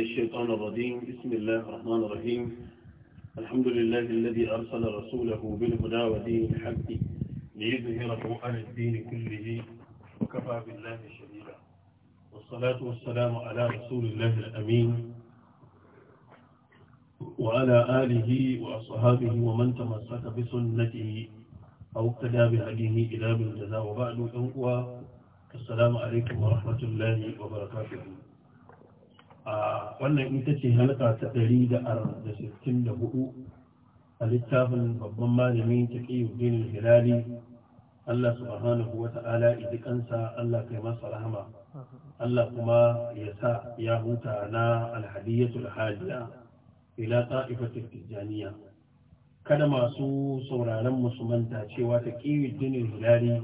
الشيطان الرجيم بسم الله الرحمن الرحيم الحمد لله الذي أرسل رسوله بالهدى ودين الحق ليظهره على الدين كله وكفى بالله شهيدا والصلاة والسلام على رسول الله الأمين وعلى آله وأصحابه ومن تمسك بسنته أو اقتدى بهديه إلى بالجزاء وبعد السلام عليكم ورحمة الله وبركاته wannan ita ce halka ta 164 a littafin babban malami ta ƙiyuddin hilali Allah subhanahu wa ta'ala idikansa Allah kai masa rahama Allah kuma ya sa ya huta na alhadiyatul hadiya ila ta'ifatul tijaniya kada masu sauraron musu cewa ta ƙiyuddin hilali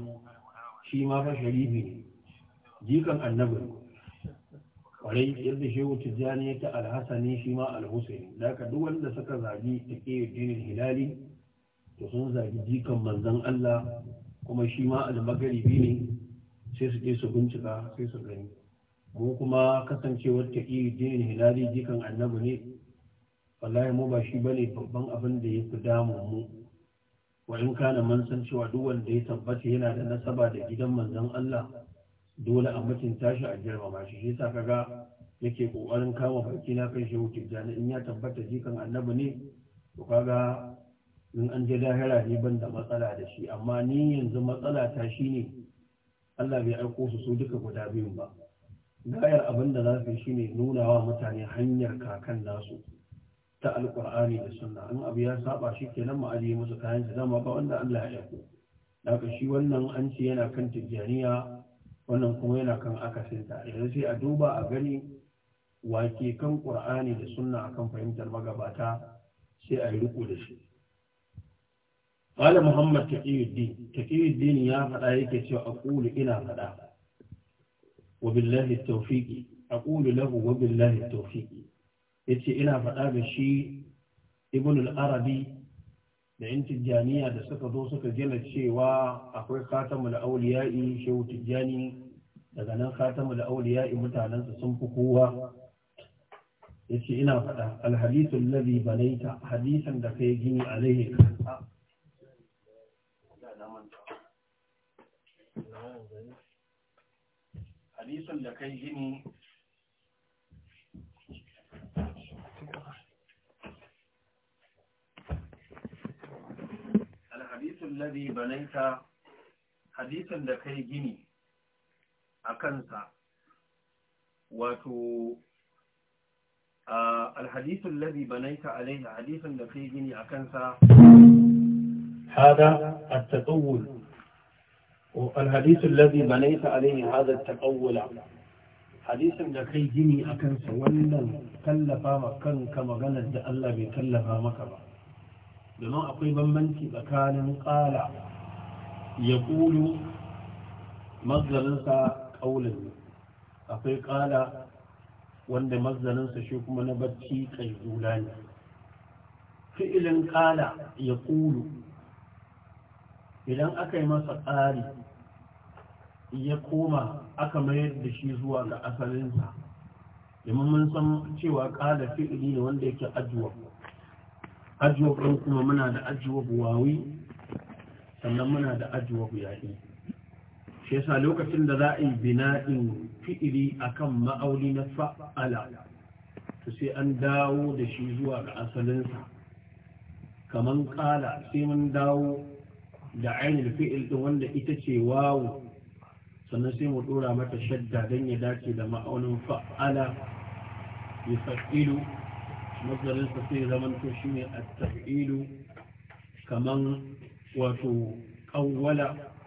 shi ma fa sharifi ne jikan annabi kwarai yadda shehu tijjani ta alhassani shi ma alhussein da ka duk wanda suka zagi ta dinin hilali to sun zagi jikan manzan allah kuma shi ma almagaribi ne sai su je su bincika sai su gani mu kuma kasancewar ta dinin hilali jikan annabi ne wallahi mu ba shi bane babban abin da ya fi damun mu wa in kana man san cewa duk wanda ya tabbata yana da nasaba da gidan manzon allah dole a mutunta shi a girmama shi shi sa kaga yake kokarin kama baki na kai wuce tijjani in ya tabbata jikan annabi ne to kaga in an je lahira ne ban da matsala da shi amma ni yanzu matsala ta shi ne Allah bai aiko su su duka guda biyun ba gayar abin da za su shi ne nuna wa mutane hanyar kakan nasu ta alkur'ani da sunna in abu ya saba shi kenan mu ajiye musu kayan su dama ba wanda Allah ya aiko daga shi wannan an ce yana kan tijjaniya wannan kuma yana kan akasinta yanzu sai a duba a gani wake kan ƙur'ani da sunna akan fahimtar magabata sai a yi riko da shi Malam Muhammad Taqiyuddin Taqiyuddin ya faɗa yake cewa aqulu ina faɗa wa billahi tawfiqi aqulu lahu wa billahi tawfiqi yace ina faɗa da shi Ibn al-Arabi da in tijjaniya da suka zo suka gina cewa akwai khatamul auliya'i shehu tijjani daga nan khatamul auliya'i mutanensa sun fi kowa yace ina faɗa alhadithu alladhi banaita hadisan da kai gini a alaihi hadisan da kai gini a kansa wato آه، الحديث الذي بنيت عليه حديث دقيق أكن هذا التطول الحديث الذي بنيت عليه هذا التطول حديث دقيق جني أكن ولن ولا كلف مكن كما غنت الله بكلف مكبا بما أقيب من كان قال يقول مصدر قولا أقول قال wanda mazaninsa shi kuma na bacci zula ne fi'ilin kala ya kulu idan aka yi masa tsari ya koma aka mayar da shi zuwa ga asalinsa domin mun san cewa kala fi'ili ne wanda yake ajuwa ajuwa kuma muna da ajuwa buwawi sannan muna da ajuwa yaƙi shi yasa lokacin da za a yi bina'in fi'ili akan ma'auli na fa'ala to sai an dawo da shi zuwa ga asalinsa kaman kala sai mun dawo da ainihin fi'il ɗin wanda ita ce wawo sannan sai mu ɗora mata shadda don ya dace da ma'aunin fa'ala ya fa'ilu mazarinsa sai zamanto shi ne a ta'ilu kaman wato ƙawwala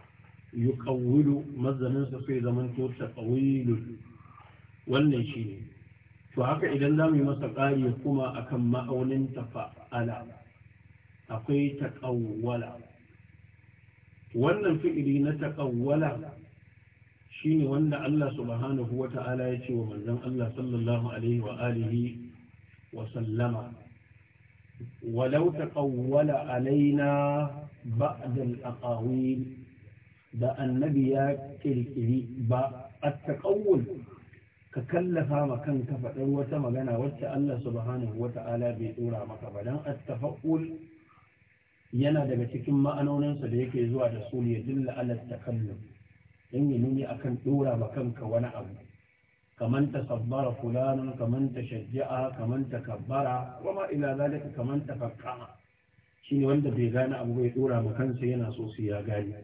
yuqawwilu mazanin sa sai zaman to taqawilun wannan shine to haka idan zamu yi masa ƙari kuma akan ma'aunin tafa'ala akwai taqawwala wannan fi'ili na taqawwala shine wanda Allah subhanahu wata'ala ya ce wa manzon Allah sallallahu alaihi wa alihi wa sallama ولو تقول علينا بعد الأقاويل da annabi ya kirkiri ba a taƙawul ka kallafa ma kanka faɗar wata magana wacce Allah subhanahu wa ta'ala bai ɗora maka ba don a yana daga cikin ma'anoninsa da yake zuwa da su ya dilla ala takallum in yi nuni akan ɗora ma kanka wani abu kaman ta sabbara fulanun kaman ta shajja'a kaman ta kabbara wama ila zalika kaman ta shine wanda bai gane abu bai ɗora ma kansa yana so su ya gane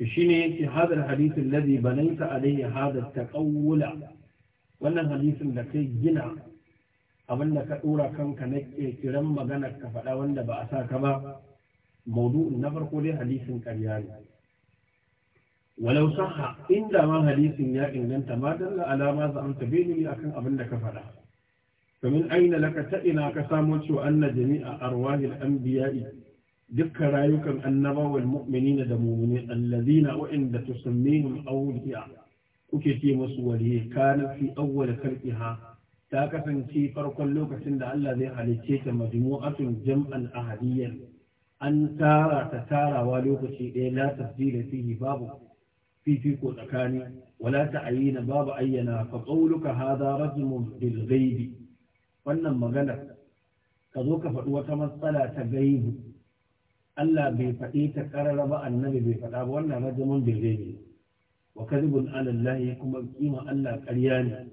shine yake hadar hadisin ladhi banaita alayhi hadar taqawula wannan hadisin da kai gina abin da ka dora kanka na kiran magana ka faɗa wanda ba a sa ka ba maudu'in na farko dai hadisin ƙarya ne walau sahha inda ma hadisin ya inganta ma dalla alama za an tabe ni akan abin da ka faɗa domin aina laka ta ina ka samo cewa anna jami'a arwahil anbiya'i dukkan rayukan mumini na da mummuni allazina waɗanda tusammihim awliya kuke ce masu waliye kana fi awwal khalqiha ta kasance farkon lokacin da Allah zai halicce ta majmu'atun jam'an ahadiyyan an tara ta tarawa lokaci ɗaya la tafdila fihi babu fifiko tsakani wala ta'ayina babu ayyana fa qawluka hadha rajmun bil ghaibi wannan magana ka zo ka faɗi wata matsala ta gaibu Allah bai faɗi ta ƙarara ba annabi bai faɗa ba wannan rajamin bai ne wa kadhibun ala kuma kima Allah ƙarya ne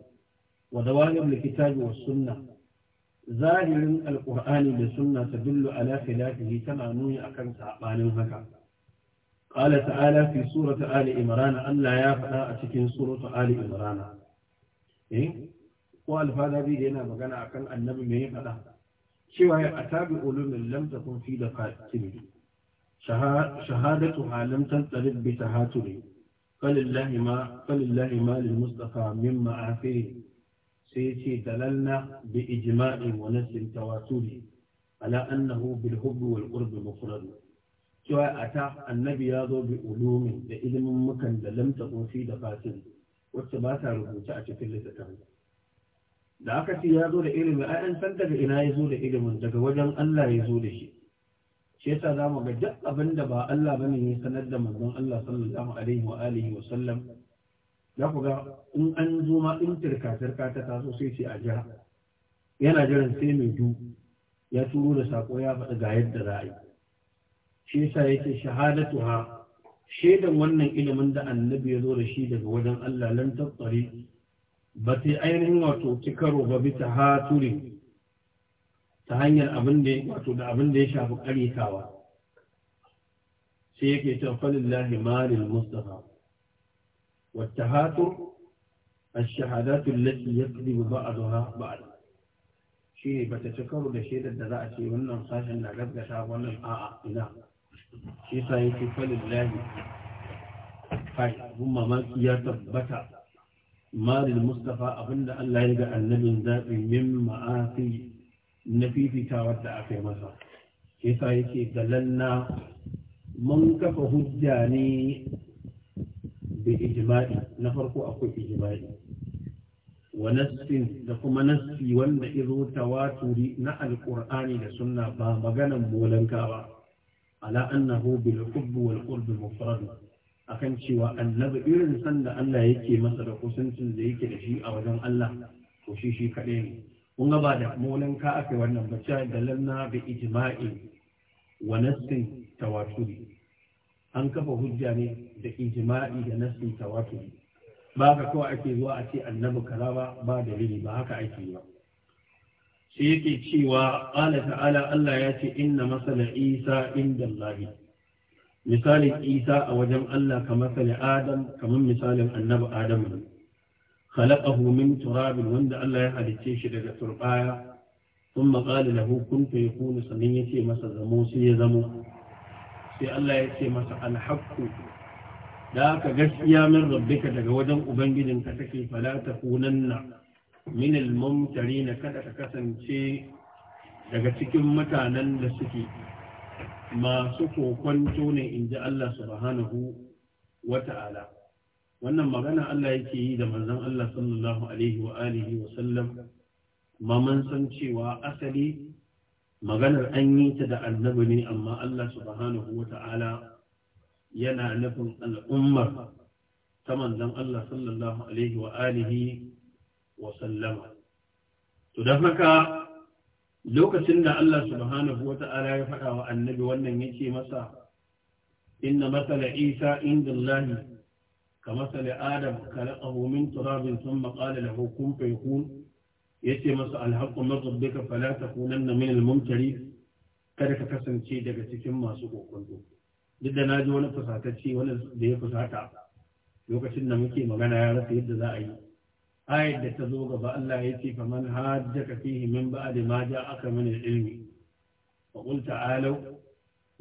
wa dawalib likitabi sunna zahirin alqur'ani da sunna tadullu ala khilafihi tana nuni akan sabanin haka قال تعالى في سورة آل إمران أن لا يفعل أتكين سورة آل إمران إيه؟ والفاذا بيدينا مغانا Annabi النبي ميه faɗa? cewa ya atabi ulumin lam takun fi da fatimi shahadatu lam tantalib bi tahaturi falillahi ma falillahi ma lil mustafa min ma'afihi sai ya ce dalalna bi ijma'in wa nasin tawaturi ala annahu bil hubbi wal qurbi mufrad cewa ata annabi ya zo bi ulumin da ilimin mukan da lam takun fi da fatimi wacce ba ta rubuta a cikin littattafai da aka ce ya zo da ilimi 'ya'yan an san daga ina ya zo da ilimin daga wajen Allah ya zo da shi shi yasa za mu ga duk abin da ba Allah bane ne sanar da manzon Allah sallallahu alaihi wa alihi wa sallam za ku ga in an zo ma in tirka tirka ta taso sai ce a jira yana jiran sai mai du ya turo da sako ya faɗi ga yadda za a yi shi yasa yake shahadatuha shaidan wannan ilimin da annabi ya zo da shi daga wajen Allah lan ba ta ainihin wato ci karo ba bisa haturi ta hanyar wato da abin da ya shafi karitawa sai yake cewa falillahi malil mustafa wata hatur الشهادات التي يكذب بعضها بعض shi ne bata ci karo da shaidar da za a ce wannan sashen na gaggata wannan a'a ina shi sa yake falin lahi kai mun mamaki ya tabbata malil mustafa abinda Allah ya ga annabin zaɓi min ma'afi na fifitawar da aka yi masa yasa yake galanna mun kafa hujja ne da ijma'i na farko akwai ijma'i wa nassin da kuma nassi wanda izo tawaturi na alƙur'ani da sunna ba maganan bolanka ba ala annahu bil hubb wal qurb mufrad akan cewa annabi irin sanda Allah yake masa da kusancin da yake da shi a wajen Allah to shi shi kaɗai ne kun ga ba da molin ka aka wannan bacci da lanna bi ijma'i wa nassin tawaturi an kafa hujja ne da ijma'i da nassin tawaturi ba ka kawai ake zuwa a ce annabi kaza ba ba dalili ba haka ake ba sai yake cewa qala ta'ala Allah ya ce inna masala isa inda Allah misalin isa a wajen Allah Ka sali adam kamar misalin annabi adam ne khalaqahu min turabin wanda Allah ya halicce shi daga turbaya ثم قال له كن فيكون سنين يتي مسا زمو سي يزمو سي الله masa مسا الحق gaskiya min من ربك daga wajen ubangijin ka take fala takunanna min almumtarin kada ka kasance daga cikin mutanen da suke masu kokwanto ne in ji Allah subhanahu wa ta'ala wannan magana Allah yake yi da manzon Allah sallallahu alaihi wa alihi wa sallam ma mun san cewa asali maganar an yi ta da annabi ne amma Allah subhanahu wa ta'ala yana nufin al'ummar ta manzon Allah sallallahu alaihi wa alihi wa sallama to lokacin da Allah subhanahu wa ta'ala ya faɗa wa annabi wannan yake masa inna masala isa inda Allah ka masala adam kare min turabin thumma da lahu kun ya ce masa alhaqqu min falata kunan takunanna min al kada ka kasance daga cikin masu kokonto duk da ji wani fusatacce wani da ya fusata lokacin da muke magana ya rasa yadda za a yi ayar da ta zo gaba Allah ya ce faman hajja ka fihi min ba'di ma ja'aka min ilmi fa qul ta'alu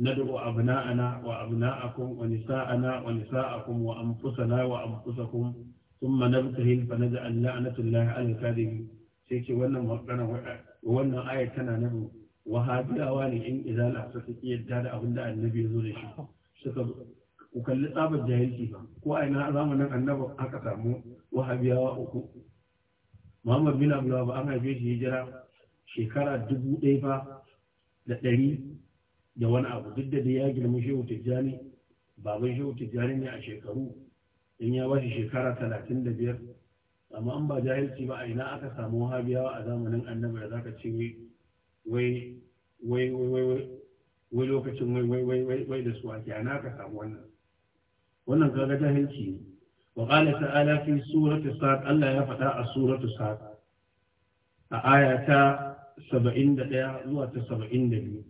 nad'u abna'ana wa abna'akum wa nisa'ana wa nisa'akum wa anfusana wa anfusakum thumma nabtahil fa naj'al la'natu llahi 'ala al-kadhibin sai ce wannan magana wannan ayar tana nan wa hajjawa ne in idan la'sa yadda da abin da annabi ya zo da shi ku kalli tsabar jahilci ba ko a ina zamanin annabi aka samu wahabiyawa uku muhammad bin abdullahi ba an haife shi hijira shekara dubu ɗaya ba da ɗari da wani abu duk da ya girma shehu tijjani baban shehu tijjani ne a shekaru in ya bashi shekara talatin da biyar amma an ba jahilci ba a ina aka samu wahabiyawa a zamanin annabi da zaka ce wai wai wai wai wai lokacin wai wai wai wai da su ake ana aka samu wannan wannan kaga jahilci ne وقال تعالى في سورة الصاد ألا يفتح سورة الصاد آية سبعين دقيقة سبعين دقيقة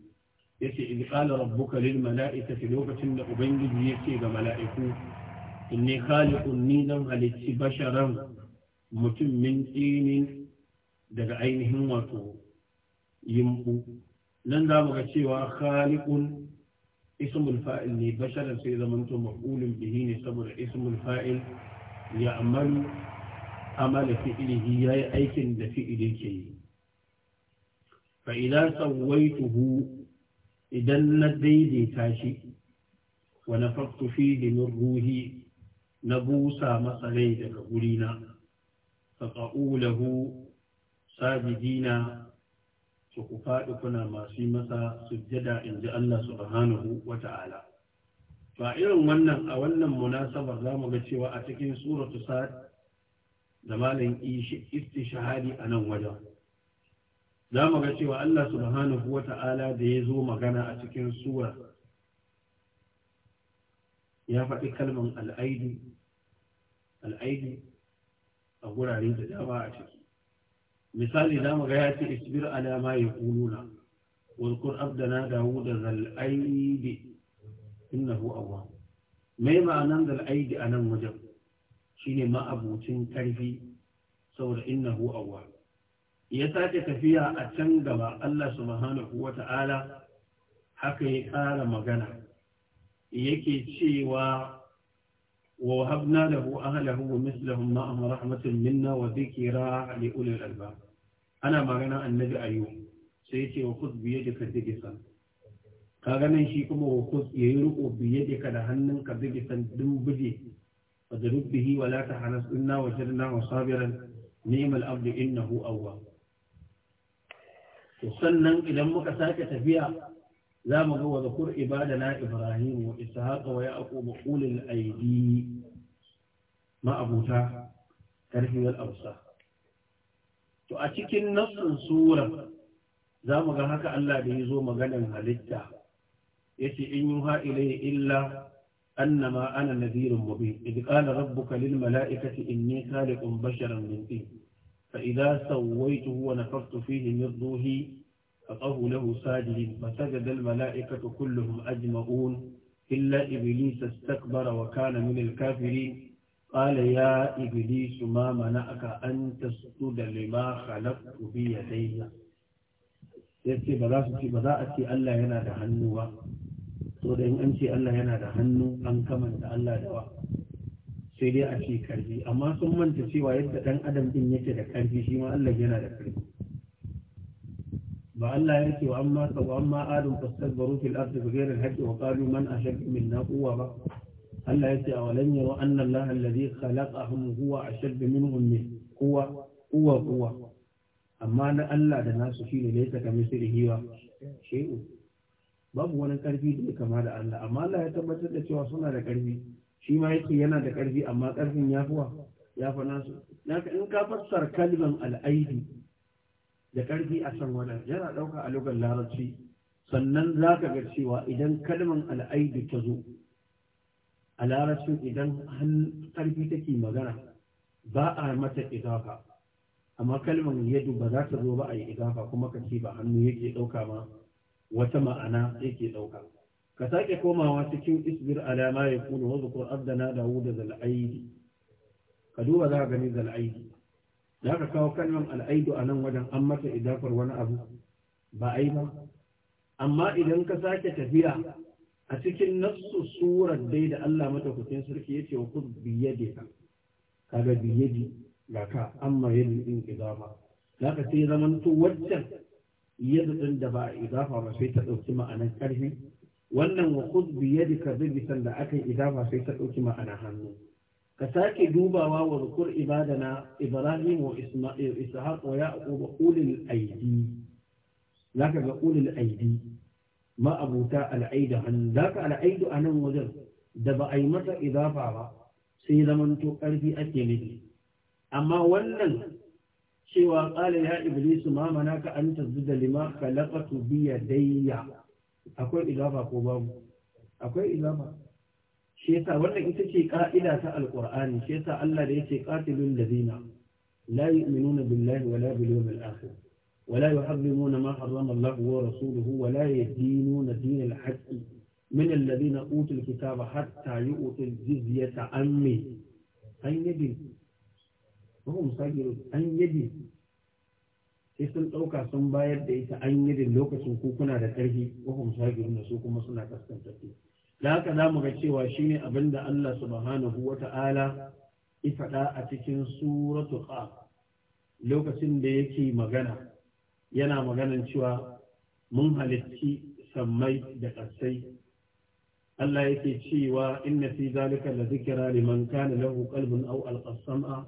يتي إذ قال ربك للملائكة في لوكة أبنجد يتي ملائكة إني خالق نينا عليك بشرا متم من دين daga ainihin wato yimbu nan za mu ga cewa khaliqun ismul fa'il ne basharar sai zamanto maf'ulun bihi ne saboda ismul fa'il ya amalu amala fi'ilihi yayi aikin da fi'ili ke yi fa idan sawaituhu idan na daidaita shi wa nafaktu fihi min ruhi na busa masa daga gurina fa qa'ulahu sajidina to ku faɗi kuna masu yi masa sujjada in ji Allah subhanahu wa ta'ala. To a irin wannan a wannan munasabar za mu ga cewa a cikin suratu sa'ad da malin istishahadi a nan wajen. Za mu ga cewa Allah subhanahu wa ta'ala da ya zo magana a cikin sura ya faɗi kalman al'aidu, a gurare da dama a ciki. misali za mu ga ya ce isbir alama ya kuluna wadkur abdana dawud zal'aidi innahu Allah mai ma'anan zal'aidi a nan wajen shine ma'abucin karfi saboda innahu Allah ya sake tafiya a can gaba Allah subhanahu wa ta'ala haka ya ƙara magana yake cewa ووهبنا له أهله ومثلهم معهم رحمة منا وذكرى لأولي الألباب أنا ما غنى النبي أيوم سيتي وخذ بيدك دجسا كاغنى شيكم وخذ يرقو بيدك لهنك دجسا دنبجي فضرب به ولا تحنس إنا وجدناه صابرا نعم الأرض إنه أواب sannan idan muka sake tafiya za mu ga wa zakur ibadana ibrahim wa ishaq wa yaqub ulil aidi ma abuta karfi wal awsa to a cikin nassin sura za mu ga haka Allah da yazo zo maganan halitta yace in yuha ilayya illa annama ana nadhirun mubin idh qala rabbuka lil mala'ikati inni khaliqun basharan min tin fa idha sawaytuhu wa nafakhtu fihi min ruhi فقهوا له ساجدين فسجد الملائكة كلهم أجمعون إلا إبليس استكبر وكان من الكافرين قال يا إبليس ما منعك أن تسجد لما خلقت بيدي yace ba za su ce ba za a ce Allah yana da hannu ba to da in an ce Allah yana da hannu an kamanta Allah da wa sai dai a ce karfi amma sun manta cewa yadda dan adam din yake da karfi shi ma Allah yana da karfi ba Allah ya ce wa amma ka wa amma adam fastakbaru fil ardi bighayri al-haqqi wa qalu man ashaddu minna quwwa ba Allah ya ce a walan yaro anna Allah alladhi khalaqahum huwa ashaddu minhum min quwwa quwwa quwwa amma na Allah da nasu shine ne ta kamar sirhi wa shay'u babu wani karfi da kama da Allah amma Allah ya tabbatar da cewa suna da karfi shi ma yake yana da karfi amma karfin yafuwa ya fa nasu in ka fassara kalman al-aidi da ƙarfi a san wani yana ɗauka a lugar larabci sannan za ka ga cewa idan kalman al'aidu ta zo a larabci idan ƙarfi take magana ba a mata idafa amma kalman yadu ba za ta zo ba a yi idafa kuma ka ce ba hannu yake ɗauka ma wata ma'ana yake ɗauka ka sake komawa cikin isbir alama ya kuna da na dawo da zal'aidi ka duba za ka gani zal'aidi za ka kawo kalmar al'aidu a nan wajen an mata idafar wani abu ba a yi ba amma idan ka sake tafiya a cikin nassu surar dai da Allah mata madaukakin sarki ce wa da biyadika kaga biyadi ga ka amma yin din idama za ka sai zaman to waccan yadda din da ba idafa ba sai ta ɗauki ma'anar ƙarfi wannan wa da ka zai bisan da aka idafa sai ta ɗauki ma'anar hannu ka sake dubawa wa zukur ibadana ibrahim wa isma'il ishaq wa yaqub ulil aidi zaka ga ulil aidi ma abuta al'aida. aidi zaka al'aidu aidi anan wajen da ba a yi mata idafa ba sai zamanto karfi ake nufi amma wannan cewa ƙala ya iblis ma manaka an tazda lima khalaqatu bi yadayya akwai idafa ko babu akwai idafa shi yasa wannan ita ce ka'ida ta alqur'ani shi yasa Allah da yake qatilul ladina la yu'minuna billahi wala bil yawmil akhir ولا يحرمون ما حرم الله ورسوله ولا يدينون دين الحق من الذين أوتوا الكتاب حتى يؤتوا الجزية عن أن يدين وهم صاغرون an يدين sai sun ɗauka sun bayar da ita an yi lokacin kukuna kuna da karfi wahum shagirun da su kuma suna kaskantattu da haka za mu ga cewa shi ne abin da Allah subhanahu wa ta'ala ya faɗa a cikin suratu ƙa lokacin da yake magana yana maganan cewa mun halitti sammai da ƙasai Allah yake cewa inna fi zalika la zikra liman kana lahu qalbun aw alqa sam'a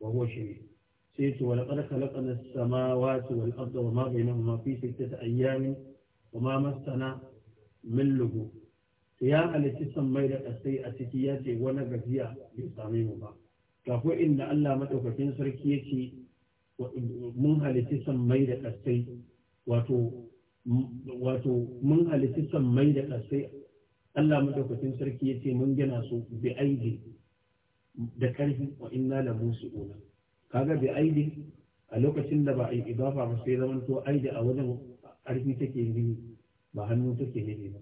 wa huwa shahid sai ce wa laqad khalaqna as-samawati wal arda wa ma bainahuma fi sittati ayyamin wa ma massana min lughub ya halitti mai da ƙasai a ciki ya ce wani gajiya bai same mu ba ga ko inda Allah madaukakin sarki ya ce mun halitti mai da ƙasai wato wato mun halitti mai da ƙasai Allah madaukakin sarki ya ce mun gina su bi aidi da karfi wa inna la musiuna kaga bi aidi a lokacin da ba a yi idafa ba sai zamanto aidi a wajen karfi take yi ba hannu take yi ba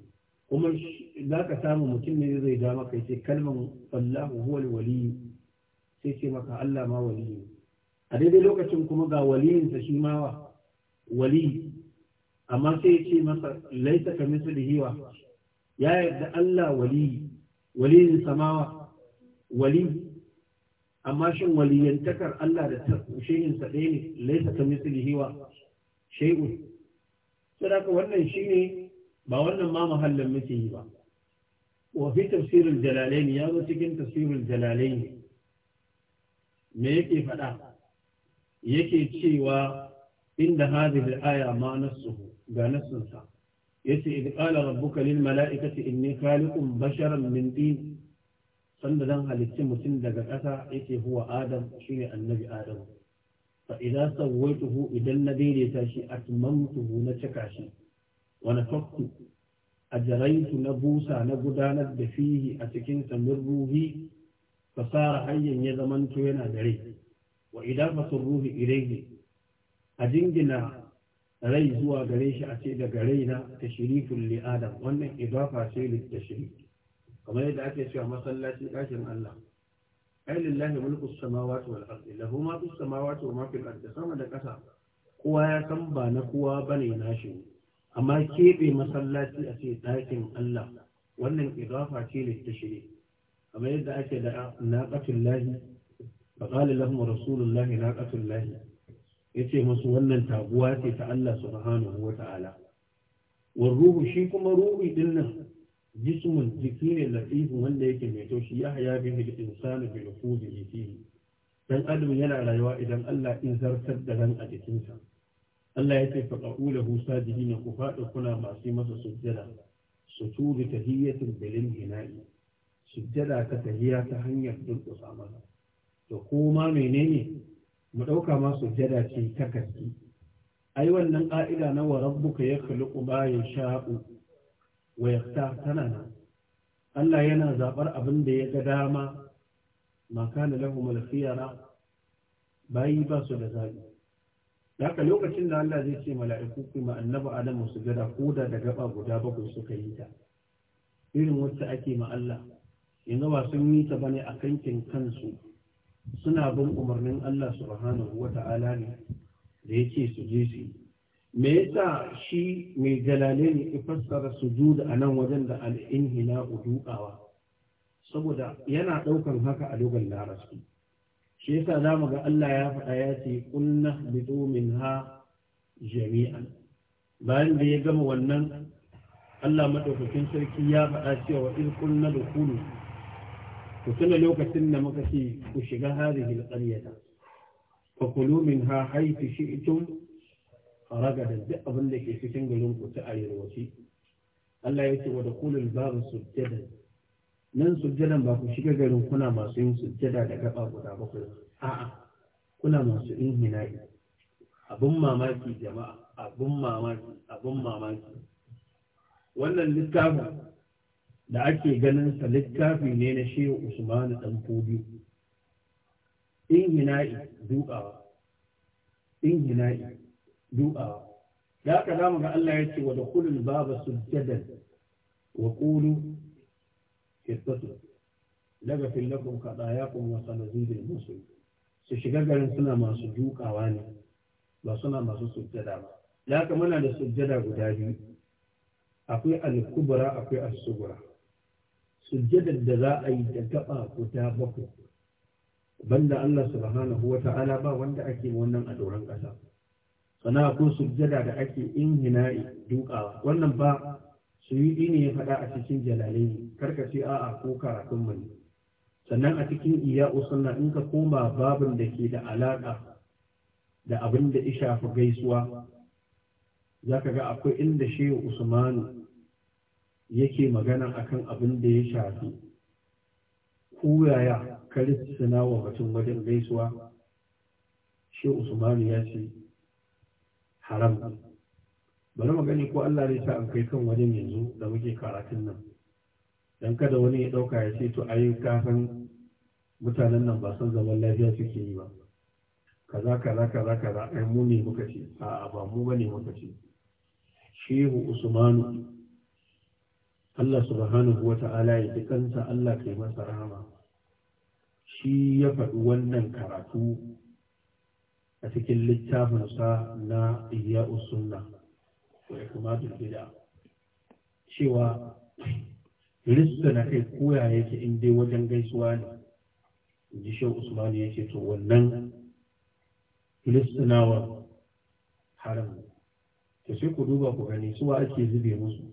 kuma za ka samu mutum ne zai ja maka ya ce kalmar wallahu huwa wali sai ce maka Allah ma ne. a daidai lokacin kuma ga waliyinsa shi ma wa wali amma sai ya ce masa laita ka da hiwa ya yarda Allah wali waliyin samawa wali. amma shin waliyantakar Allah da shehinsa ɗaya ne laita ka da hiwa shay'un saboda wannan shine ba wannan ma muhallin muke yi ba wa fi tafsirul jalalain ya zo cikin tafsirin jalalain me yake faɗa yake cewa inda hadhihi al-aya ma nassuhu ga nassunsa yace idh qala rabbuka lil mala'ikati inni khaliqun basharan min tin sanda dan halicci mutum daga ƙasa yake huwa adam shine annabi adam fa idza sawaituhu idan na daidaita shi atmamtuhu na cika shi wani fakku a jaraitu na busa na gudanar da fihi a cikin samir ruhi fasara hayyan ya zamanto yana da rai wa idan fasun ruhi ilaihi a jingina rai zuwa gare shi a ce daga raina ta shirifin li'adam wannan idafa ce da shiri. kamar yadda ake cewa masallaci ɗakin Allah ai lillahi mulku samawati wal ardi lahu ma fis samawati wa ma fil ardi sama da ƙasa kowa ya san ba na kowa bane nashi amma keɓe masallaci a ce ɗakin Allah wannan idafa ce ne ta shirye amma yadda ake da naqatul lahi fa qala lahum rasulullah naqatul lahi yace masu wannan taguwa ce ta Allah subhanahu wa ta'ala war ruhu shi kuma ruhi din nan jismun jiki ne latifin wanda yake mai taushi ya haya bin insanu bi nufuzi fihi dan adam yana rayuwa idan Allah in zartar da ran a jikinsa Allah ya ce faɗa'u da husa jihina ku faɗa kuna masu masa sujjada su turi ta hiyyatin bilin hina'i sujjada ta tahiya ta hanyar durƙusa masa to ma menene mu ɗauka ma sujjada ce ta gaske ai wannan ƙa'ida na wa rabbuka ya khluqu ma yasha'u wa tana nan Allah yana zabar abin da ya ga dama ma kana lahu mal khiyara bayi ba su da zabi da haka lokacin da Allah zai ce mala'iku kuma annabi Adamu su gada koda da gaba guda bakwai suka yi ta irin wacce ake ma Allah yanzu ba sun yi ta bane a kankin kansu suna bin umarnin Allah subhanahu ta'ala ne da yake su je su me yasa shi mai jalale ne fassara su a nan wajen da al-inhina saboda yana ɗaukar haka a dogon larabci shi yasa za mu ga Allah ya faɗa ya ce kunna bitu ha jami'an bayan da ya gama wannan Allah madaukakin sarki ya faɗa cewa in kunna da kulu ku tuna lokacin da muka ce ku shiga hadihil qaryata fa kulu minha haythu shi'tum faraga da duk abin da ke cikin garin ku ta arewaci Allah ya ce wa da kulul babu sujjadan nan sujjadan ba ku shiga garin kuna masu yin sujjada da gaba guda bakwai a'a kuna masu yin hinayi abun mamaki jama'a abun mamaki abun mamaki wannan littafin da ake ganin sa littafi ne na shehu usmanu dan fobi in hinayi du'awa in hinayi du'awa da haka mu ga Allah ya ce wa da kulul baba sujjadan wa qulu fitatu lagafin lakum khatayakum wa sanazidul muslim su shiga garin suna masu dukawa ne ba suna masu sujjada ba da haka muna da sujjada guda biyu akwai al akwai asugura sujjadar da za a yi da gaba guda bakwai banda Allah subhanahu wa ta'ala ba wanda ake wannan a doron ƙasa sana ko sujjada da ake in hina'i dukawa wannan ba yi ne ya faɗa a cikin jalalai karka ce a'a ko karatun ne sannan a cikin iya usunna in ka koma babin da ke da alaƙa da abin da isha shafi gaisuwa za ka ga akwai inda shehu usmanu yake magana akan abin da ya shafi kuyaya kalistana wa mutum wajen gaisuwa shehu usmanu ya ce haram bari mu gani ko Allah ne sa an kai kan wajen yanzu da muke karatun nan dan kada wani ya dauka ya ce to ayi kafin mutanen nan ba san zaman lafiya suke yi ba kaza kaza kaza kaza ai mu ne muka ce a'a ba mu bane muka ce shehu usmanu Allah subhanahu wa ta'ala ya yi kansa Allah kai masa rahama shi ya faɗi wannan karatu a cikin littafinsa na iya sunna wa ikmatul da cewa rissa na kai koya yake in dai wajen gaisuwa ne inji shehu usmani ce to wannan rissanawa haram Ta sai ku duba ku gani suwa ake zube musu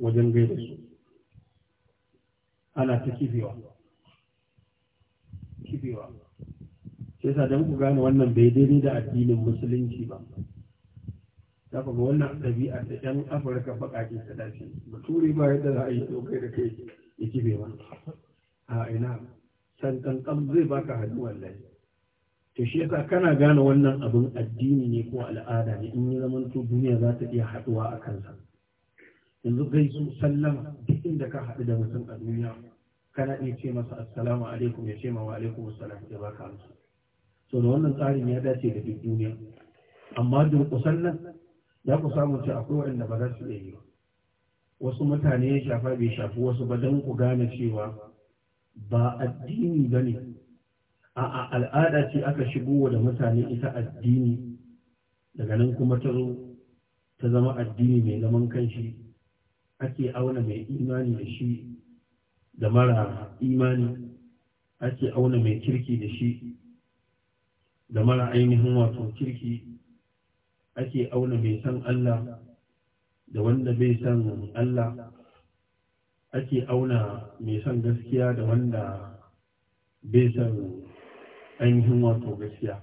wajen gaida su ana ta kifewa kifewa sai sa don ku gane wannan bai daidai da addinin musulunci ba ta kuma wannan ɗabi'a da ɗan afirka baƙaƙe ta dace bature ba yadda za a yi kai da kai ya kibe ba a ina san zai baka hannu wallahi to shi yasa kana gane wannan abin addini ne ko al'ada ne in yi zaman to duniya za ta iya haɗuwa a kansa yanzu zo sallama duk inda ka haɗu da mutum a duniya kana iya ce masa assalamu alaikum ya ce ma wa alaikum assalam ya baka amsa so da wannan tsarin ya dace da duk duniya amma durƙusan nan Ya ku samu ce akwai waɗanda ba za su iya yi ba wasu mutane ya shafa bai shafi wasu ba don ku gane cewa ba addini ba ne a al'ada ce aka shigo wa da mutane ita addini daga nan kuma ta zo ta zama addini mai zaman kanshi ake auna mai imani da shi da mara imani ake auna mai kirki da shi da mara ainihin wato kirki ake auna mai san Allah da wanda bai san Allah ake auna mai san gaskiya da wanda bai san ainihin wato gaskiya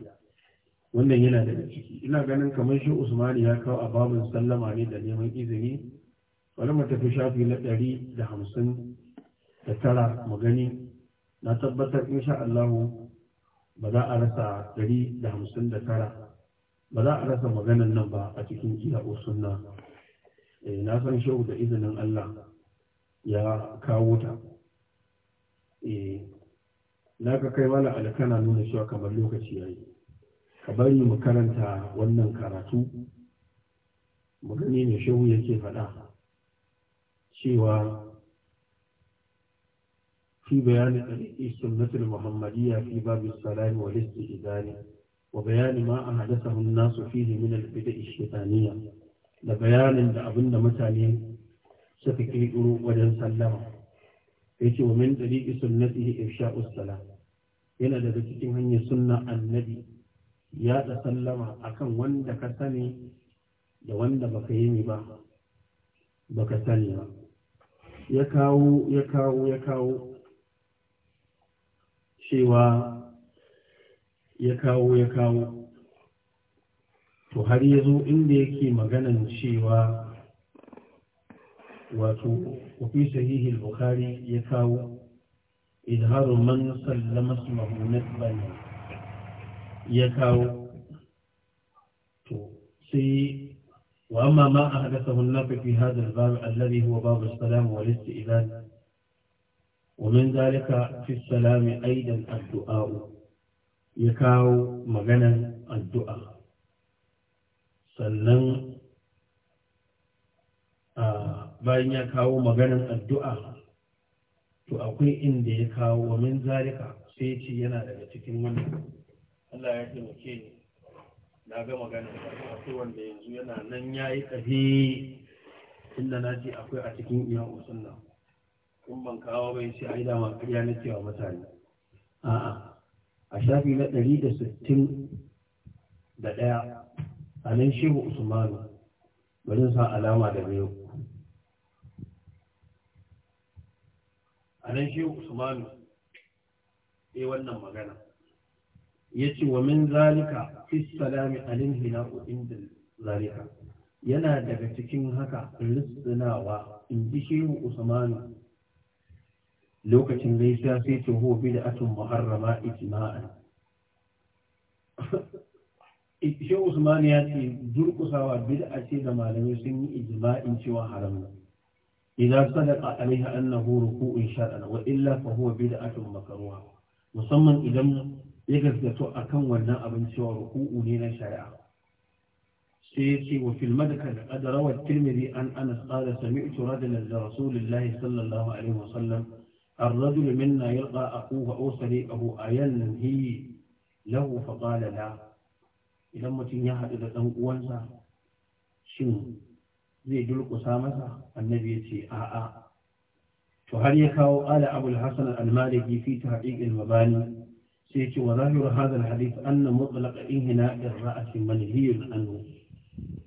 wannan yana daga ciki ina ganin kamar shi usmani ya kawo a babin sallama ne da neman izini wani matafi shafi na ɗari da hamsin da tara magani na tabbatar insha Allahu ba za a rasa ɗari da hamsin da tara ba za a rasa maganan nan ba a cikin iya suna. Eh, na san shehu da izinin Allah ya kawo ta eh, na ka kai mana alkana nuna cewa kamar lokaci ya yi ka bari mu karanta wannan karatu mu gani shehu yake faɗa cewa في بيان طريق fi Babu في wa الصلاة والاستئذان bayani ma a وبيان ما أحدثه الناس فيه من البدع الشيطانية لبيان لأبن متاني سفكي قلوب وجن سلم يتي ومن طريق سنته إفشاء السلام yana daga cikin hanyar sunna annabi ya sallama akan wanda ka sani da wanda baka yi ba baka sani ba ya kawo cewa ya kawo ya kawo to har ya zo inda yake maganan cewa wato kufi sahihi bukhari ya kawo izharu man sallama su nisban ya kawo to sai وأما ما أحدثه النافع في هذا الباب الذي هو باب السلام والاستئذان ومن ذلك في السلام أيضا الدعاء ya kawo maganan addu'a sannan bayan ya kawo maganan addu'a to akwai inda ya kawo wa min zalika sai ce yana daga cikin wannan Allah ya taimake na ga magana akwai wanda yanzu yana nan ya yi ƙafi inda na ce akwai a cikin iya usunna in ban kawo bai sai a yi dama ƙarya na cewa mutane a'a a shafi na ɗari da sittin da ɗaya a nan shehu usmanu bari sa alama da biyu a nan shehu usmanu ya eh, wannan magana ya ce wa min zalika fi salami alin hina da zalika yana daga cikin haka ritsinawa in ji shehu usmanu lokacin gaisa, sai ta huwa bi da atun muharrama ijima'an. Ishe usman ya ce durkusawa bid'a ce da malamai sun yi ijma'in cewa haram ne idan sadaka alaiha annahu ruku'un shar'an wa illa fa huwa bid'atun makruha musamman idan ya gaskato akan wannan abin cewa ruku'u ne na shari'a سيتي وفي المذكر قد روى الترمذي عن أنس قال da رجلا لرسول الله صلى الله عليه وسلم الرجل منا يلقى أخوه أو صديقه أينهي له فقال لا إذا متن يحد إذا تنقوانسا شن زي جلق سامسا النبي يتي آآ فهل يكاو آل أبو الحسن المالكي في تحقيق المباني سيتي وظاهر هذا الحديث أن مطلق إنهناء الرأس منهي عنه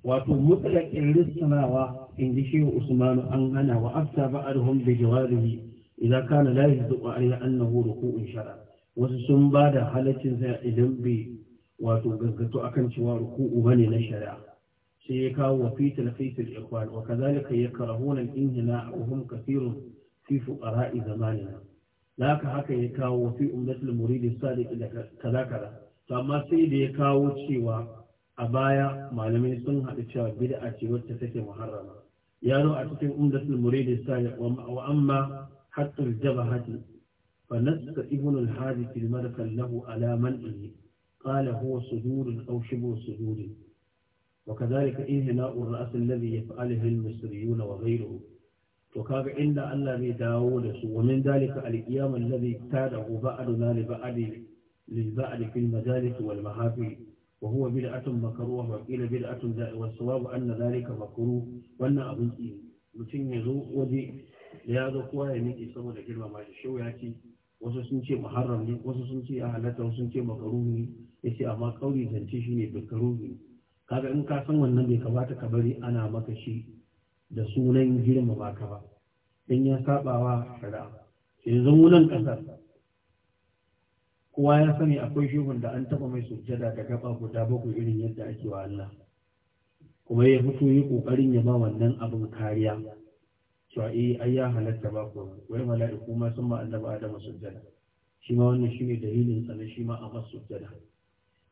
wato mutlaƙin lissanawa in ji shehu usmanu an gana wa afta ba'arhum bi jawarihi idan kana la yuzuqu alayhi annahu ruku'un shar'a wasu sun ba da halaccin sa idan bai wato gaggato akan cewa ruku'u bane na shari'a sai ya kawo wa na talfis al-ikhwan wa kadhalika yakrahuna al-inhina wa hum kathirun fi fuqara'i zamanina laka haka ya kawo wa fi ummatil murid sadiq da kaza to amma sai da ya kawo cewa a baya malamai sun haɗu cewa bid'a ce wacce take muharrama ya zo a cikin ummatil murid sadiq wa amma حتى الجبهة فنسك ابن الحارث الملك له على منعه قال هو صدور أو شبه صدور وكذلك انهناء الرأس الذي يفعله المصريون وغيره وكاب عند الله بداود ومن ذلك القيام الذي ابتاده بعدنا لبعد للبعد في المجالس والمحافل وهو بدعة مكروه وقيل بدعة والصواب أن ذلك مكروه وأن أبو mutum ya zo waje ya zo kowa ya miƙe saboda girmama shi shau ya ce wasu sun ce muharram ne wasu sun ce a halatta wasu sun ce makaruhu ne ya ce amma kauri zance shi ne bakaruhu ne kaga in ka san wannan bai kamata ka bari ana maka shi da sunan girmama ka ba dan ya sabawa shari'a yanzu wunan kasar kowa ya sani akwai shehun da an taba mai sujjada da gaba guda bakwai irin yadda ake wa Allah kuma ya fito yi kokarin ya ba wannan abin kariya To eh ai ya halatta ba ko wai mala'iku ma sun ma annabi adam sujjada shi ma wannan ne dalilin sa shi ma a masu sujjada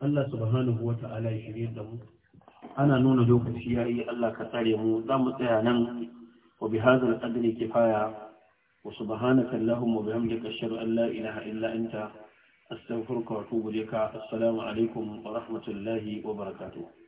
Allah subhanahu wata'ala ya shirye da mu ana nuna lokaci yayi Allah ka tsare mu za mu tsaya nan wa bi hadzal qadri kifaya wa subhanaka allahumma wa bihamdika ashhadu an la ilaha illa anta astaghfiruka wa atubu ilayka assalamu alaikum wa rahmatullahi wa barakatuh